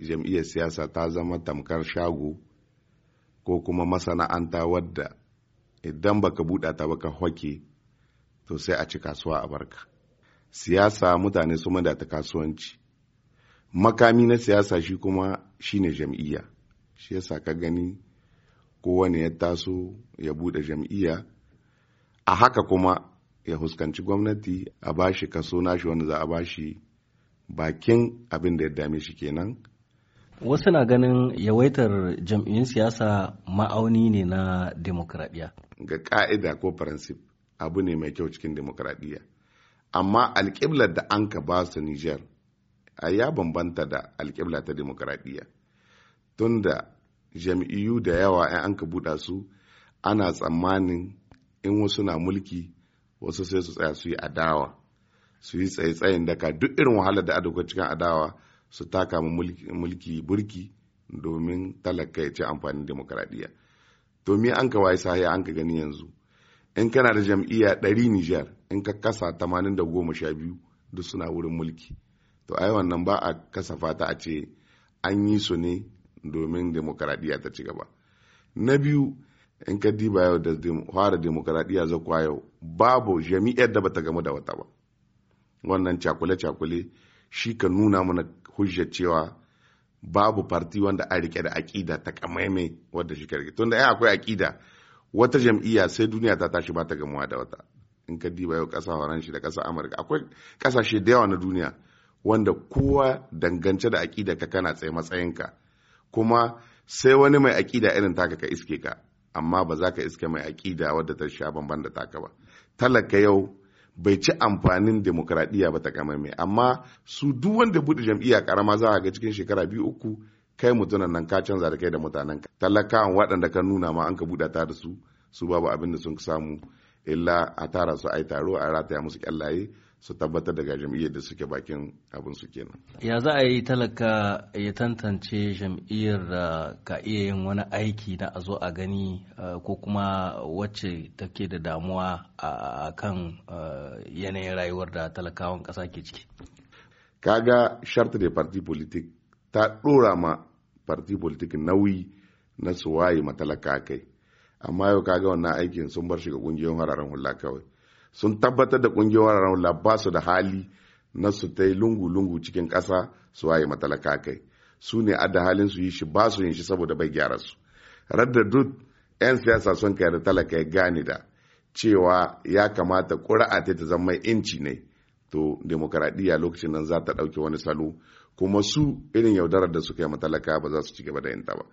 jam'iyyar siyasa ta zama tamkar shago ko kuma masana'anta wadda idan baka buɗa ta baka hoke to sai a ci kasuwa a barka siyasa mutane su ta kasuwanci makami na siyasa shi kuma shine jam'iyya shi yasa ka gani kowane ya taso ya buɗe jam'iyya a haka kuma ya huskanci gwamnati a bashi kaso nashi wanda za a bashi bakin abin da ya dame shi kenan Wasu na ganin yawaitar jam'iyyun siyasa ma'auni ne na demokradiyya. Ga ka'ida ko faransif abu ne mai kyau cikin demokradiyya. Amma alƙiblar da an ka ba su Nijar ya bambanta da alƙibla ta demokradiyya. Tunda jam'iyyu da yawa ya an ka buɗa su ana tsammanin in wasu na mulki wasu sai su tsaya su yi adawa su yi tsaye-tsayen daka duk irin wahalar da cikin adawa su taka mu mulki burki domin talaka ya ce amfanin demokradiyya to me an ka waye sahaya an ka gani yanzu in kana da jam'iyya ɗari Nijar in ka kasa tamanin da goma sha biyu duk suna wurin mulki to ai wannan ba a kasa fata a ce an yi su ne domin demokradiyya ta ci gaba na biyu in ka diba yau da fara demokradiyya ku yau babu jami'ar da bata gamu da wata ba wannan cakule-cakule shi ka nuna mana hujja cewa babu farti wanda a rike da aƙida ta kamaime wadda shi rike tunda y'a akwai aƙida wata jam'iyya sai duniya ta tashi ba ta gamuwa da wata in ka diba yau ƙasa horon shi da ƙasa amurka akwai ƙasashe da yawa na duniya wanda kowa dangance da aƙida ka kana tsaye matsayinka kuma sai wani mai aƙida irin taka ka iske ka amma ba za ka iske mai aƙida wadda ta sha bamban da taka ba talaka yau bai ci amfanin demokradiyya ba ta kamame amma su duk wanda bude jam'iyya karama za a ga cikin shekara biyu uku kai mutunan nan ka canza da kai da mutanen ka talakawan waɗanda ka nuna ma an ka buɗa ta da su su babu abin da sun samu illa a tara su a taro a rataya musu kyallaye su tabbatar da jam'iyyar da suke bakin abin su kenan. Ya za a yi talaka ya tantance jam'iyyar da ka iya yin wani aiki na a zo a gani ko kuma wacce take da damuwa a kan yanayin rayuwar da talakawan ƙasa ke ciki. Kaga sharta da parti politik ta ɗora ma parti politik nauyi na su waye matalaka kai. amma yau ka ga wannan aikin sun bar shi ga kungiyoyin wararen hula kawai sun tabbatar da kungiyoyin wararen hula ba su da hali na su ta yi lungu-lungu cikin ƙasa su waye matalaka kai su ne adda halin su yi shi ba su yin shi saboda bai gyara su radda duk 'yan siyasa sun kai da talaka ya gane da cewa ya kamata ƙuri'a ta ta zama inci ne to demokaradiyya lokacin nan za ta ɗauki wani salo kuma su irin yaudarar da suka yi matalaka ba za su ci gaba da yin ta ba